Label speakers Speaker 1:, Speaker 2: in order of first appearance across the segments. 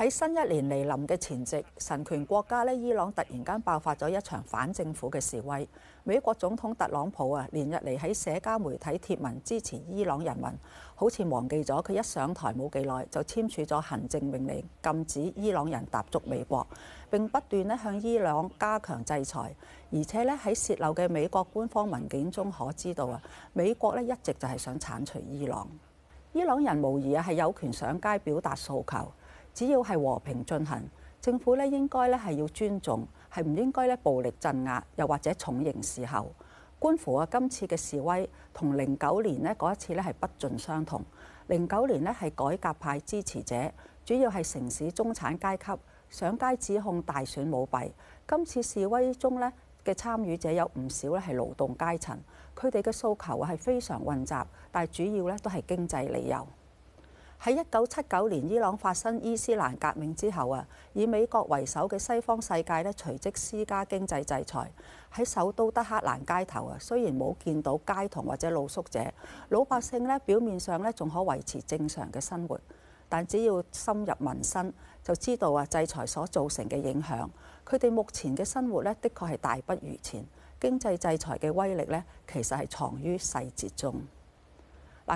Speaker 1: 喺新一年嚟臨嘅前夕，神權國家咧伊朗突然間爆發咗一場反政府嘅示威。美國總統特朗普啊，連日嚟喺社交媒體貼文支持伊朗人民，好似忘記咗佢一上台冇幾耐就簽署咗行政命令禁止伊朗人踏足美國，並不斷咧向伊朗加強制裁。而且咧喺泄漏嘅美國官方文件中可知道啊，美國咧一直就係想剷除伊朗。伊朗人無疑啊係有權上街表達訴求。只要係和平進行，政府咧應該咧係要尊重，係唔應該咧暴力鎮壓，又或者重刑示嚇。觀乎啊今次嘅示威同零九年咧嗰一次咧係不盡相同。零九年咧係改革派支持者，主要係城市中產階級上街指控大選舞弊。今次示威中咧嘅參與者有唔少咧係勞動階層，佢哋嘅訴求係非常混雜，但係主要咧都係經濟理由。喺一九七九年伊朗發生伊斯蘭革命之後啊，以美國為首嘅西方世界咧，隨即施加經濟制裁。喺首都德黑蘭街頭啊，雖然冇見到街童或者露宿者，老百姓咧表面上咧仲可維持正常嘅生活，但只要深入民生，就知道啊制裁所造成嘅影響。佢哋目前嘅生活咧，的確係大不如前。經濟制裁嘅威力咧，其實係藏於細節中。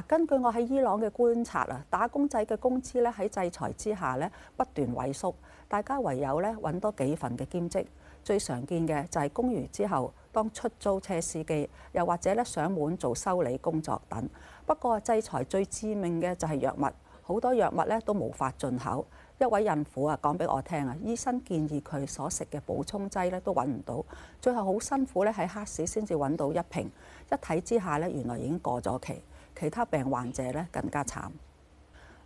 Speaker 1: 根據我喺伊朗嘅觀察啊，打工仔嘅工資咧喺制裁之下咧不斷萎縮，大家唯有咧揾多幾份嘅兼職。最常見嘅就係工餘之後當出租車司機，又或者咧上門做修理工作等。不過制裁最致命嘅就係藥物，好多藥物咧都無法進口。一位孕婦啊講俾我聽啊，醫生建議佢所食嘅補充劑咧都揾唔到，最後好辛苦咧喺黑市先至揾到一瓶，一睇之下咧原來已經過咗期。其他病患者咧更加慘。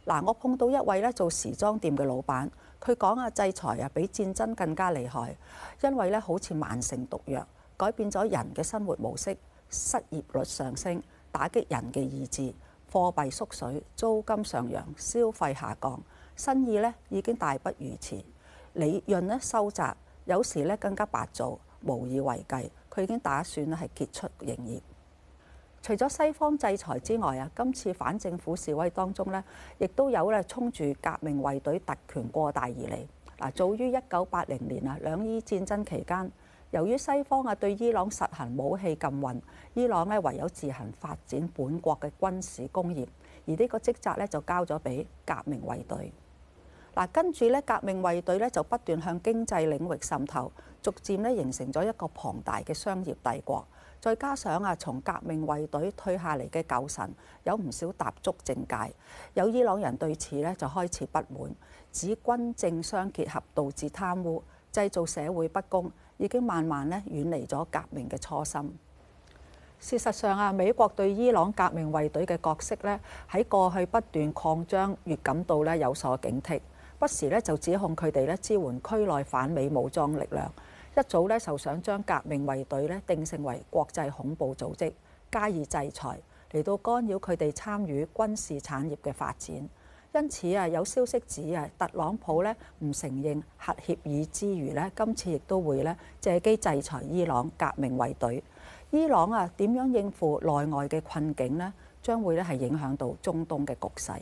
Speaker 1: 嗱，我碰到一位咧做時裝店嘅老闆，佢講啊，制裁啊比戰爭更加厲害，因為咧好似慢性毒藥，改變咗人嘅生活模式，失業率上升，打擊人嘅意志，貨幣縮水，租金上揚，消費下降，生意咧已經大不如前，利潤呢收窄，有時咧更加白做，無以為繼，佢已經打算係結束營業。除咗西方制裁之外啊，今次反政府示威當中咧，亦都有咧衝住革命衛隊特權過大而嚟。嗱，早於一九八零年啊，兩伊戰爭期間，由於西方啊對伊朗實行武器禁運，伊朗咧唯有自行發展本國嘅軍事工業，而呢個職責咧就交咗俾革命衛隊。嗱，跟住咧革命衛隊咧就不斷向經濟領域滲透，逐漸咧形成咗一個龐大嘅商業帝國。再加上啊，從革命衛隊退下嚟嘅舊臣，有唔少踏足政界，有伊朗人對此呢，就開始不滿，指軍政相結合導致貪污、製造社會不公，已經慢慢咧遠離咗革命嘅初心。事實上啊，美國對伊朗革命衛隊嘅角色呢，喺過去不斷擴張，越感到呢有所警惕，不時呢就指控佢哋呢支援區內反美武裝力量。一早咧就想將革命衛隊咧定性為國際恐怖組織，加以制裁嚟到干擾佢哋參與軍事產業嘅發展。因此啊，有消息指啊，特朗普咧唔承認核協議之餘咧，今次亦都會咧借機制裁伊朗革命衛隊。伊朗啊點樣應付內外嘅困境咧，將會咧係影響到中東嘅局勢。